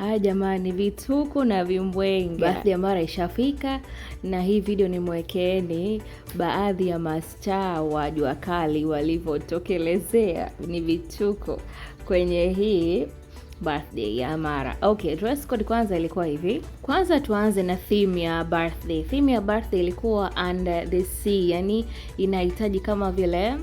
Haya jamani, vituko na vimbwenga, baadhi ya mara ishafika, na hii video nimwekeeni baadhi ya mastaa wa jua kali walivyotokelezea ni vituko kwenye hii birthday ya mara Okay, dress code kwanza ilikuwa hivi. Kwanza tuanze na theme ya birthday. Theme ya birthday ilikuwa under the sea, yani inahitaji kama vile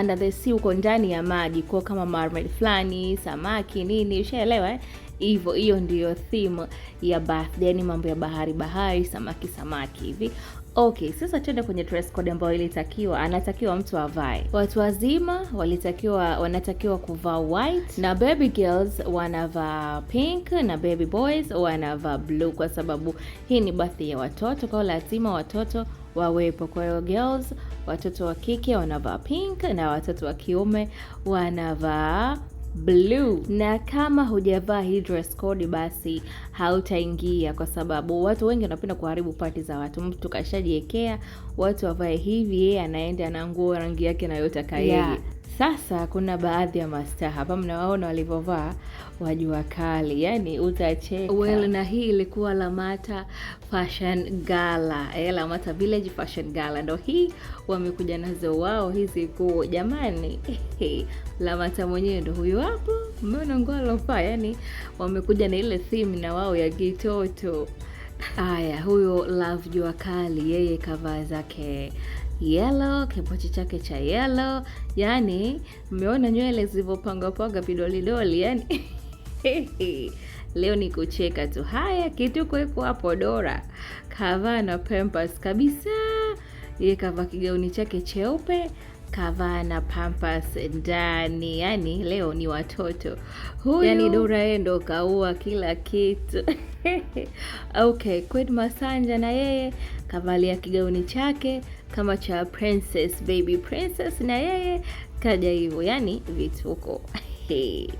under the sea, uko ndani ya maji, kwa kama mermaid fulani, samaki nini, ushaelewa eh? hivyo hiyo ndiyo theme ya birthday, yani mambo ya bahari bahari, samaki samaki hivi. Okay, sasa tuende kwenye dress code ambayo ilitakiwa anatakiwa mtu avae. Watu wazima walitakiwa wanatakiwa kuvaa white na baby girls wanavaa pink na baby boys wanavaa blue, kwa sababu hii ni birthday ya watoto, kwao lazima watoto wawepo. Kwa hiyo girls, watoto wa kike wanavaa pink na watoto wa kiume wanavaa blue. Na kama hujavaa hii dress code, basi hautaingia, kwa sababu watu wengi wanapenda kuharibu pati za watu. Mtu kashajiekea watu wavae hivi, yeye anaenda na nguo rangi yake anayotaka yeye. Sasa kuna baadhi ya mastaa hapa mnawaona walivyovaa wajua kali, yani utacheka. Well, na hii ilikuwa Lamata Fashion Gala. Eh, Lamata Village Fashion Gala ndo hii wamekuja nazo wao hizi kuu jamani. Lamata mwenyewe ndo huyu hapo, mmeona nguo alofaa, yani wamekuja na ile theme na wao ya kitoto. Aya, huyo Love jua kali, yeye kavaa zake yellow, kipochi chake cha yellow. Yani mmeona nywele zilivyopangwapanga vidolidoli yani Leo ni kucheka tu. Haya, kituko iko hapo Dora kavaa na pampers kabisa. Ye kavaa kigauni chake cheupe kavaa na pampers ndani, yani leo ni watoto huyu, yani Dora endo kaua kila kitu okay, Queen Masanja na yeye kavalia kigauni chake kama cha Princess Baby Princess, na yeye kaja hivyo, yani vituko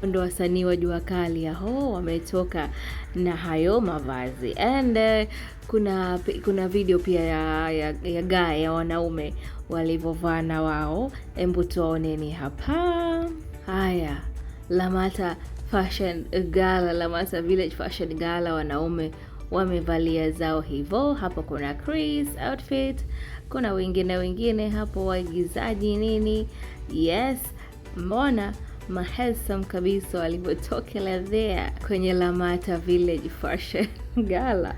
ndo wasanii wa jua kali ho wametoka na hayo mavazi and uh, kuna kuna video pia ya ya, ya gaya ya wanaume walivyovaa na wao. Embu tuwaoneni hapa. Haya, Lamata Fashion Gala, Lamata Village Fashion Gala, wanaume wamevalia zao hivyo. Hapo kuna Chris outfit, kuna wengine wengine hapo waigizaji nini. Yes, mbona mahesam kabisa walivyotokelezea kwenye Lamata Village Fashion Gala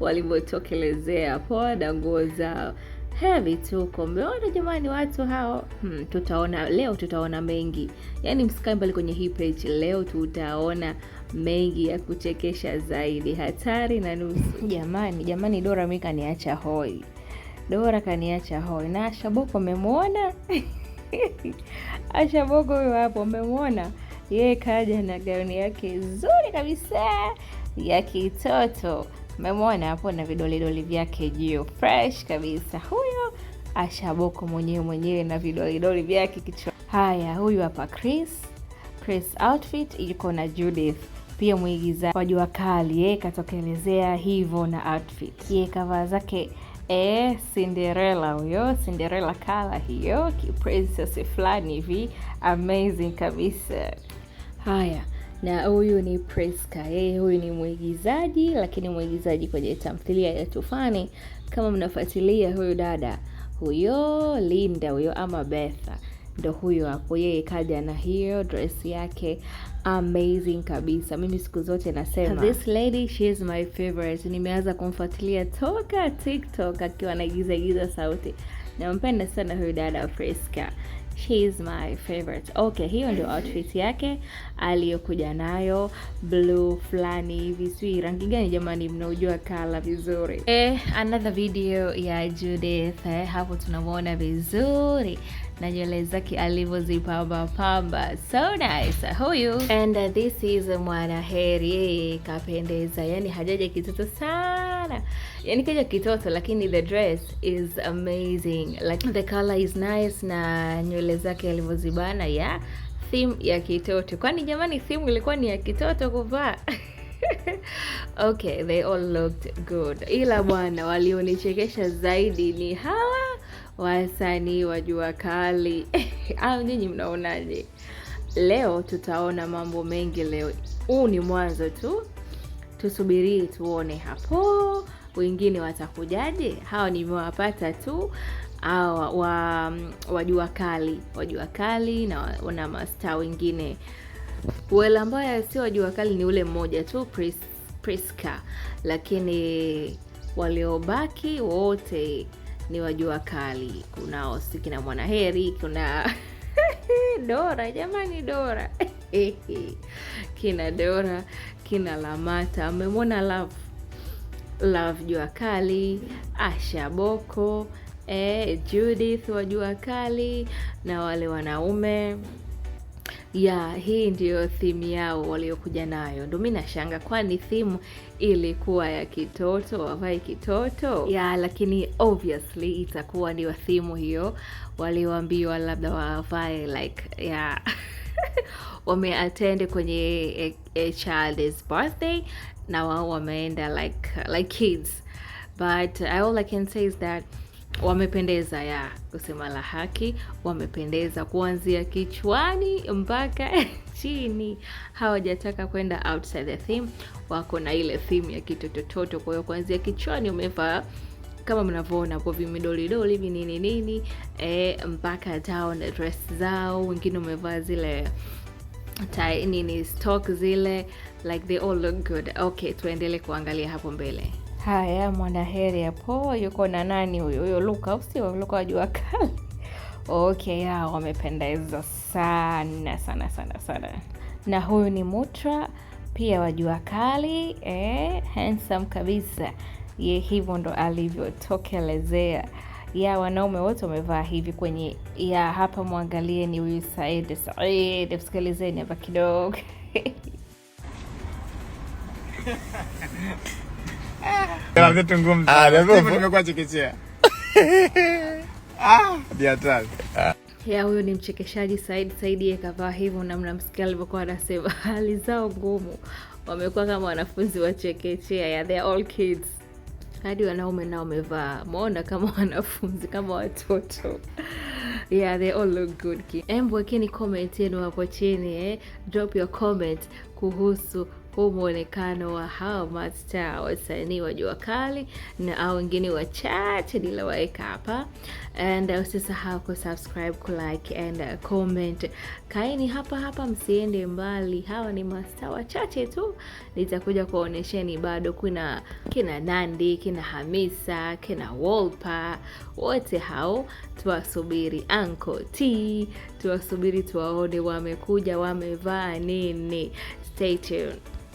walivyotokelezea poa na nguo zao. Haya vituko, mmeona jamani, watu hao. Hmm, tutaona leo, tutaona mengi yani msikae mbali kwenye hii page. Leo tutaona mengi ya kuchekesha zaidi, hatari na nusu. Jamani, jamani, Dora mi kaniacha hoi, Dora kaniacha hoi. Na Ashaboko amemwona Ashaboko huyo hapo, amemwona yeye, kaja na gauni yake nzuri kabisa ya kitoto Umemwona hapo na vidolidoli vyake juu, fresh kabisa. Huyo Ashaboko mwenyewe mwenyewe na vidolidoli vyake kichwa. Haya, huyu hapa Chris, Chris outfit iko na Judith pia mwigiza kwa jua kali eh, katokelezea hivyo na outfit ye kavaa zake eh, Cinderella huyo Cinderella kala hiyo ki princess fulani hivi amazing kabisa. Haya na huyu ni Priska. Yeye huyu ni mwigizaji, lakini mwigizaji kwenye tamthilia ya Tufani. Kama mnafuatilia, huyu dada huyo Linda huyo ama Betha ndo huyo hapo, yeye kaja na hiyo dress yake amazing kabisa. Mimi siku zote nasema this lady she is my favorite. Nimeanza kumfuatilia toka TikTok akiwa anaigizaigiza sauti, nampenda sana huyu dada Priska. She is my favorite. Okay, hiyo ndio outfit yake aliyokuja nayo, blue fulani hivi, sijui rangi gani jamani, mnaujua kala vizuri. Eh, another video ya Judith eh, hapo tunamwona vizuri na nywele zake alivyozipamba pamba, so nice huyu. And uh, this is Mwanaheri, yeye kapendeza, yani hajaja kitoto sana, yani kaja kitoto, lakini the dress is amazing, like the color is nice, na nywele zake alivyozibana, ya theme ya kitoto. Kwani jamani, theme ilikuwa ni ya kitoto kuvaa? Okay, they all looked good, ila bwana, walionichekesha zaidi ni hawa wasanii wa jua kali au nyinyi mnaonaje? Leo tutaona mambo mengi leo. Huu ni mwanzo tu, tusubirie tuone hapo wengine watakujaje. Hawa nimewapata tu hawa wa wajua kali, wajua kali na na mastaa wengine well, ambaye sio wajua kali ni ule mmoja tu Pris, Priska, lakini waliobaki wote ni wajua kali, kuna Osiki na Mwanaheri, kuna Dora jamani, Dora kina Dora, kina Lamata, mmemwona Love Love jua kali, Asha Boko, eh, Judith wajua kali na wale wanaume ya hii ndiyo thimu yao waliokuja nayo. Ndo mi nashanga, kwani thimu ilikuwa ya kitoto, wavae kitoto ya, lakini obviously itakuwa ndio thimu hiyo walioambiwa labda wavae like ya wameatende kwenye a, e, a e, child's birthday na wao wameenda like like kids, but all I can say is that wamependeza ya kusema la haki, wamependeza kuanzia kichwani mpaka chini. Hawajataka kwenda outside the theme, wako na ile theme ya kitotototo. Kwa hiyo kuanzia kichwani umevaa kama mnavyoona hapo vimidolidoli hivi nini nini, eh, e, mpaka down dress zao, wengine umevaa zile tie nini stock zile, like they all look good. Okay, tuendelee kuangalia hapo mbele. Haya, mwanaheri hapo yuko na nani huyo? Huyo Luka au sio? Luka wajua kali. Okay, hao wamependeza sana sana sana sana. Na huyu ni Mutra pia wajua kali eh, handsome kabisa ye, hivyo ndo alivyotokelezea ya wanaume wote wamevaa hivi kwenye ya hapa. Mwangalieni huyu Said Said, msikilizeni hapa kidogo Ah, ah. ah. Ya huyo ni mchekeshaji Said Saidi, yeye kavaa hivyo na mnamsikia alivyokuwa anasema hali zao ngumu. Wamekuwa kama wanafunzi wa chekechea, yeah, they all kids. Hadi wanaume nao wamevaa. Muona kama wanafunzi kama watoto. Yeah, they all look good. Embwekeni comment yenu hapo chini eh. Drop your comment kuhusu huu mwonekano wa hawa masta wasanii wa jua kali na au wengine wachache nilowaweka hapa, and uh, usisahau kusubscribe, kulike and uh, comment. Kaini hapa hapa, msiende mbali. Hawa ni masta wachache tu, nitakuja kuwaonesheni bado kuna kina Nandi, kina Hamisa, kina Wolpa, wote hao tuwasubiri. Anko T tuwasubiri, tuwaone wamekuja wamevaa nini. Stay tuned.